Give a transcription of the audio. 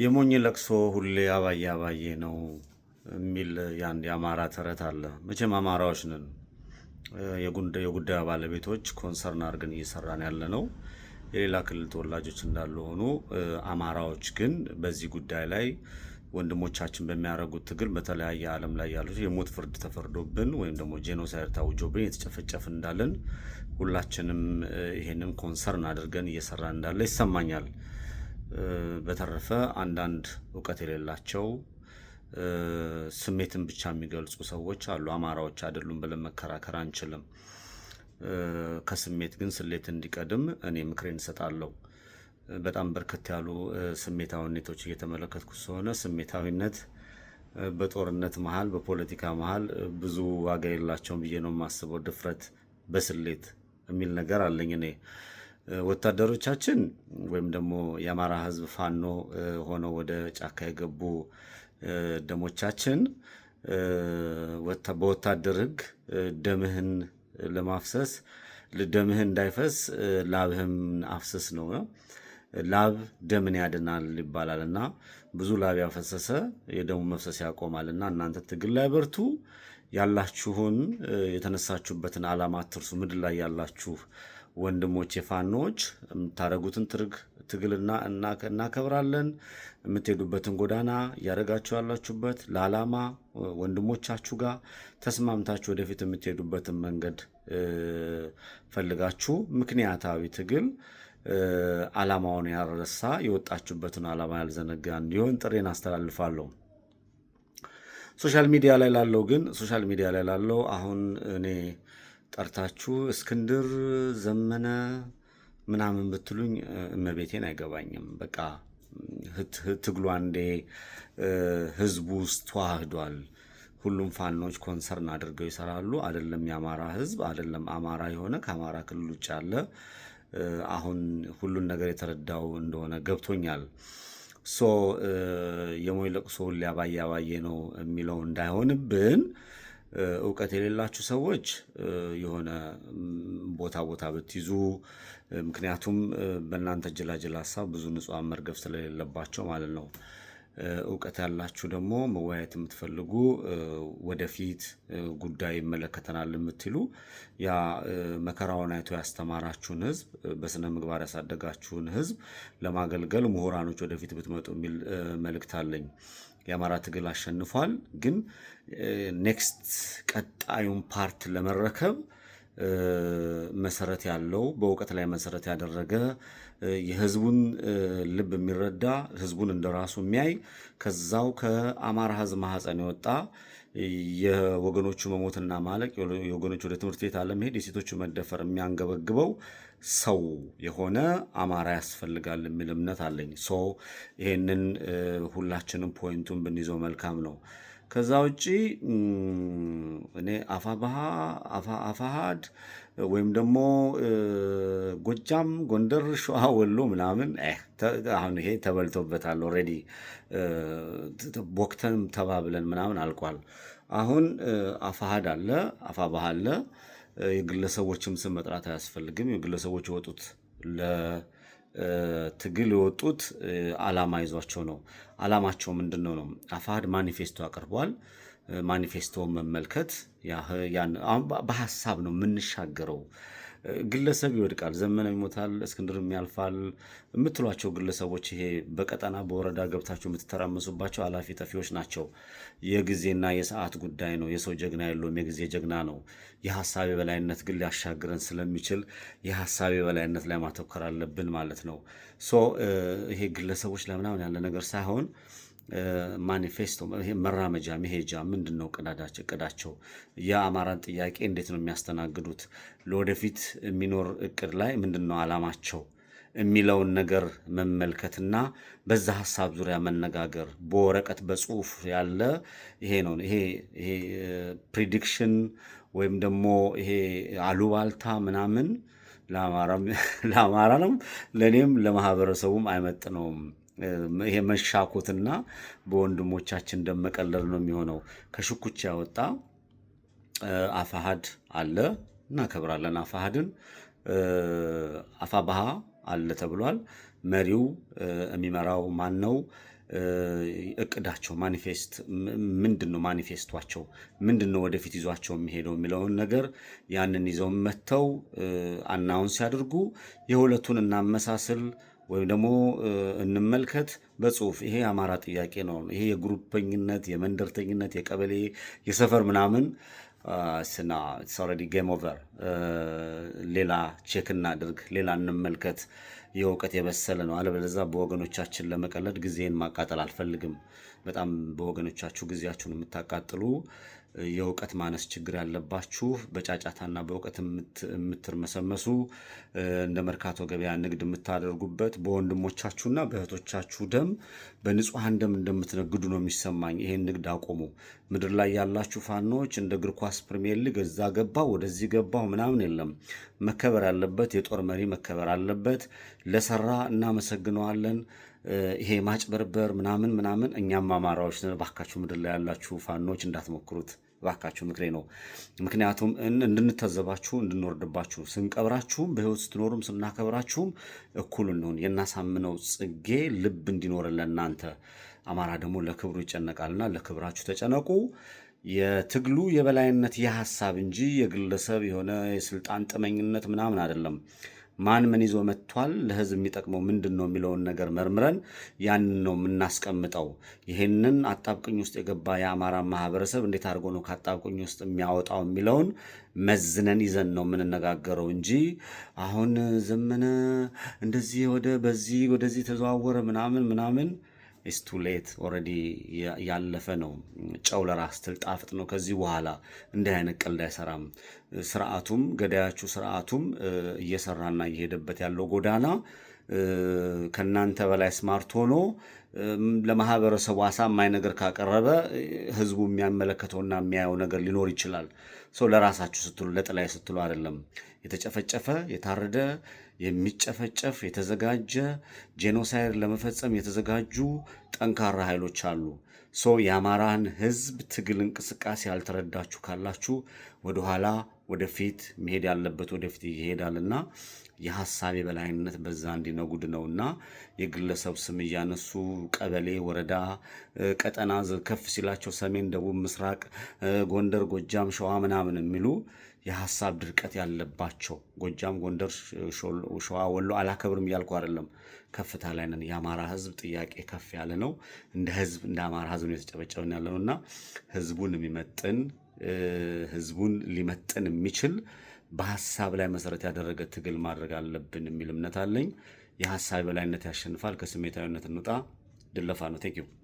የሞኝ ለቅሶ ሁሌ አባዬ አባዬ ነው የሚል የአንድ የአማራ ተረት አለ። መቼም አማራዎች ነን። የጉዳዩ ባለቤቶች ኮንሰርን አድርገን እየሰራን ያለ ነው። የሌላ ክልል ተወላጆች እንዳለ ሆኑ አማራዎች ግን በዚህ ጉዳይ ላይ ወንድሞቻችን በሚያደርጉት ትግል በተለያየ ዓለም ላይ ያሉት የሞት ፍርድ ተፈርዶብን ወይም ደግሞ ጄኖሳይድ ታውጆብን የተጨፈጨፍን እንዳለን ሁላችንም ይሄንን ኮንሰርን አድርገን እየሰራን እንዳለ ይሰማኛል። በተረፈ አንዳንድ እውቀት የሌላቸው ስሜትን ብቻ የሚገልጹ ሰዎች አሉ። አማራዎች አይደሉም ብለን መከራከር አንችልም። ከስሜት ግን ስሌት እንዲቀድም እኔ ምክሬን እሰጣለሁ። በጣም በርከት ያሉ ስሜታዊነቶች እየተመለከትኩ ስለሆነ ስሜታዊነት በጦርነት መሀል በፖለቲካ መሀል ብዙ ዋጋ የላቸውም ብዬ ነው የማስበው። ድፍረት በስሌት የሚል ነገር አለኝ እኔ ወታደሮቻችን ወይም ደግሞ የአማራ ህዝብ ፋኖ ሆነው ወደ ጫካ የገቡ ደሞቻችን በወታደር ህግ ደምህን ለማፍሰስ ደምህን እንዳይፈስ ላብህም አፍስስ ነው ነው ላብ ደምን ያድናል ይባላል እና ብዙ ላብ ያፈሰሰ የደሙ መፍሰስ ያቆማል እና እናንተ ትግል ላይ በርቱ ያላችሁን የተነሳችሁበትን ዓላማ አትርሱ ምድር ላይ ያላችሁ ወንድሞች የፋኖዎች የምታደረጉትን ትርግ ትግል እናከብራለን። የምትሄዱበትን ጎዳና እያደረጋችሁ ያላችሁበት ለዓላማ ወንድሞቻችሁ ጋር ተስማምታችሁ ወደፊት የምትሄዱበትን መንገድ ፈልጋችሁ ምክንያታዊ ትግል ዓላማውን ያረሳ የወጣችሁበትን ዓላማ ያልዘነጋ እንዲሆን ጥሬን አስተላልፋለሁ። ሶሻል ሚዲያ ላይ ላለው ግን ሶሻል ሚዲያ ላይ ላለው አሁን እኔ ጠርታችሁ እስክንድር ዘመነ ምናምን ብትሉኝ እመቤቴን አይገባኝም። በቃ ትግሉ አንዴ ህዝቡ ውስጥ ተዋህዷል። ሁሉም ፋኖች ኮንሰርን አድርገው ይሰራሉ። አይደለም የአማራ ህዝብ አይደለም አማራ የሆነ ከአማራ ክልል ውጭ ያለ አሁን ሁሉን ነገር የተረዳው እንደሆነ ገብቶኛል። ሶ የሞይ ለቅሶ ሁሌ አባዬ ነው የሚለው እንዳይሆንብን እውቀት የሌላችሁ ሰዎች የሆነ ቦታ ቦታ ብትይዙ፣ ምክንያቱም በእናንተ ጅላጅል ሀሳብ ብዙ ንጹሐን መርገፍ ስለሌለባቸው ማለት ነው። እውቀት ያላችሁ ደግሞ መወያየት የምትፈልጉ ወደፊት ጉዳይ ይመለከተናል የምትሉ ያ መከራውን አይቶ ያስተማራችሁን ህዝብ በስነ ምግባር ያሳደጋችሁን ህዝብ ለማገልገል ምሁራኖች ወደፊት ብትመጡ የሚል መልእክት አለኝ። የአማራ ትግል አሸንፏል፣ ግን ኔክስት ቀጣዩን ፓርት ለመረከብ መሰረት ያለው በእውቀት ላይ መሰረት ያደረገ የህዝቡን ልብ የሚረዳ ህዝቡን እንደራሱ የሚያይ ከዛው ከአማራ ህዝብ ማህፀን የወጣ የወገኖቹ መሞትና ማለቅ የወገኖቹ ወደ ትምህርት ቤት አለመሄድ የሴቶቹ መደፈር የሚያንገበግበው ሰው የሆነ አማራ ያስፈልጋል የሚል እምነት አለኝ። ሶ ይሄንን ሁላችንም ፖይንቱን ብንይዘው መልካም ነው። ከዛ ውጭ እኔ አፋብሃ አፋሃድ ወይም ደግሞ ጎጃም፣ ጎንደር፣ ሸዋ፣ ወሎ ምናምን አሁን ይሄ ተበልቶበታል። ኦልሬዲ ቦክተን ተባብለን ምናምን አልቋል። አሁን አፋሃድ አለ፣ አፋብሃ አለ። የግለሰቦችም ስም መጥራት አያስፈልግም። የግለሰቦች የወጡት ለ ትግል የወጡት አላማ ይዟቸው ነው። አላማቸው ምንድን ነው ነው? አፋሕድ ማኒፌስቶ አቅርቧል። ማኒፌስቶ መመልከት በሀሳብ ነው የምንሻገረው ግለሰብ ይወድቃል፣ ዘመነም ይሞታል፣ እስክንድርም ያልፋል የምትሏቸው ግለሰቦች ይሄ በቀጠና በወረዳ ገብታችሁ የምትተራመሱባቸው አላፊ ጠፊዎች ናቸው። የጊዜና የሰዓት ጉዳይ ነው። የሰው ጀግና የለውም፣ የጊዜ ጀግና ነው። የሀሳብ የበላይነት ግን ሊያሻግረን ስለሚችል የሀሳብ የበላይነት ላይ ማተኮር አለብን ማለት ነው። ሶ ይሄ ግለሰቦች ለምናምን ያለ ነገር ሳይሆን ማኒፌስቶ መራመጃ መሄጃ ምንድን ነው? ቅዳዳቸው እቅዳቸው የአማራን ጥያቄ እንዴት ነው የሚያስተናግዱት? ለወደፊት የሚኖር እቅድ ላይ ምንድን ነው የሚለውን ነገር መመልከትና በዛ ሀሳብ ዙሪያ መነጋገር። በወረቀት በጽሁፍ ያለ ይሄ ነው። ይሄ ይሄ ፕሪዲክሽን ወይም ደግሞ ይሄ አሉባልታ ምናምን ነው ለእኔም ለማህበረሰቡም አይመጥነውም። ይሄ መሻኮትና በወንድሞቻችን እንደመቀለል ነው የሚሆነው። ከሽኩቻ ያወጣ አፋሃድ አለ፣ እናከብራለን። አፋሃድን አፋባሃ አለ ተብሏል። መሪው የሚመራው ማን ነው? እቅዳቸው ማኒፌስት ምንድን ነው? ማኒፌስቷቸው ምንድን ነው? ወደፊት ይዟቸው የሚሄደው የሚለውን ነገር ያንን ይዘው መጥተው አናውንስ ሲያደርጉ የሁለቱን እናመሳስል ወይም ደግሞ እንመልከት በጽሁፍ ይሄ የአማራ ጥያቄ ነው። ይሄ የግሩፕኝነት፣ የመንደርተኝነት፣ የቀበሌ የሰፈር ምናምን ስና ኦልሬዲ ጌም ኦቨር። ሌላ ቼክ እናድርግ፣ ሌላ እንመልከት የእውቀት የበሰለ ነው። አለበለዛ በወገኖቻችን ለመቀለድ ጊዜን ማቃጠል አልፈልግም። በጣም በወገኖቻችሁ ጊዜያችሁን የምታቃጥሉ የእውቀት ማነስ ችግር ያለባችሁ በጫጫታና በእውቀት የምትርመሰመሱ እንደ መርካቶ ገበያ ንግድ የምታደርጉበት በወንድሞቻችሁና በእህቶቻችሁ ደም በንጹሐን ደም እንደምትነግዱ ነው የሚሰማኝ። ይሄን ንግድ አቁሙ። ምድር ላይ ያላችሁ ፋኖች እንደ እግር ኳስ ፕሪሚየር ሊግ እዛ ገባሁ ወደዚህ ገባሁ ምናምን የለም። መከበር ያለበት የጦር መሪ መከበር አለበት። ለሰራ እናመሰግነዋለን። ይሄ ማጭበርበር ምናምን ምናምን እኛም አማራዎች ባካችሁ ምድር ላይ ያላችሁ ፋኖች እንዳትሞክሩት ባካችሁ ምክሬ ነው። ምክንያቱም እንድንታዘባችሁ እንድንወርድባችሁ፣ ስንቀብራችሁም በህይወት ስትኖሩም ስናከብራችሁም እኩል እንሆን። የናሳምነው ጽጌ ልብ እንዲኖር ለእናንተ አማራ ደግሞ ለክብሩ ይጨነቃልና ለክብራችሁ ተጨነቁ። የትግሉ የበላይነት የሀሳብ እንጂ የግለሰብ የሆነ የስልጣን ጥመኝነት ምናምን አይደለም። ማን ምን ይዞ መጥቷል፣ ለህዝብ የሚጠቅመው ምንድን ነው የሚለውን ነገር መርምረን ያንን ነው የምናስቀምጠው። ይህንን አጣብቅኝ ውስጥ የገባ የአማራ ማህበረሰብ እንዴት አድርጎ ነው ከአጣብቅኝ ውስጥ የሚያወጣው የሚለውን መዝነን ይዘን ነው የምንነጋገረው እንጂ አሁን ዘመነ እንደዚህ ወደ በዚህ ወደዚህ ተዘዋወረ ምናምን ምናምን ቱ ሌት ኦልሬዲ ያለፈ ነው። ጨው ለራስ ስትል ጣፍጥ ነው። ከዚህ በኋላ እንዲህ አይነት ቀልድ አይሰራም። ስርዓቱም ገዳያችሁ ስርዓቱም እየሰራና እየሄደበት ያለው ጎዳና ከእናንተ በላይ ስማርት ሆኖ ለማህበረሰቡ አሳማኝ ነገር ካቀረበ ህዝቡ የሚያመለከተውና የሚያየው ነገር ሊኖር ይችላል። ሰው ለራሳችሁ ስትሉ ለጥላይ ስትሉ አይደለም። የተጨፈጨፈ የታረደ የሚጨፈጨፍ የተዘጋጀ ጄኖሳይድ ለመፈጸም የተዘጋጁ ጠንካራ ኃይሎች አሉ። ሰው የአማራን ህዝብ ትግል እንቅስቃሴ ያልተረዳችሁ ካላችሁ ወደኋላ ወደፊት መሄድ ያለበት ወደፊት ይሄዳልና የሀሳብ የበላይነት በዛ እንዲነጉድ እና የግለሰብ ስም እያነሱ ቀበሌ፣ ወረዳ፣ ቀጠና ከፍ ሲላቸው ሰሜን፣ ደቡብ፣ ምስራቅ፣ ጎንደር፣ ጎጃም፣ ሸዋ ምናምን የሚሉ የሀሳብ ድርቀት ያለባቸው ጎጃም፣ ጎንደር፣ ሸዋ፣ ወሎ አላከብርም እያልኩ አይደለም። ከፍታ ላይ ነን። የአማራ ህዝብ ጥያቄ ከፍ ያለ ነው። እንደ ህዝብ እንደ አማራ ህዝብ ነው የተጨበጨብን ያለ ነውና ህዝቡን የሚመጥን ህዝቡን ሊመጥን የሚችል በሀሳብ ላይ መሰረት ያደረገ ትግል ማድረግ አለብን የሚል እምነት አለኝ። የሀሳብ የበላይነት ያሸንፋል። ከስሜታዊነት እንውጣ። ድለፋ ነው። ቴንክ ዩ